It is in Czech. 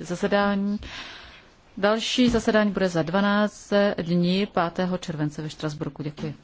zasedání. Další zasedání bude za 12 dní 5. července ve Štrasburku. Děkuji.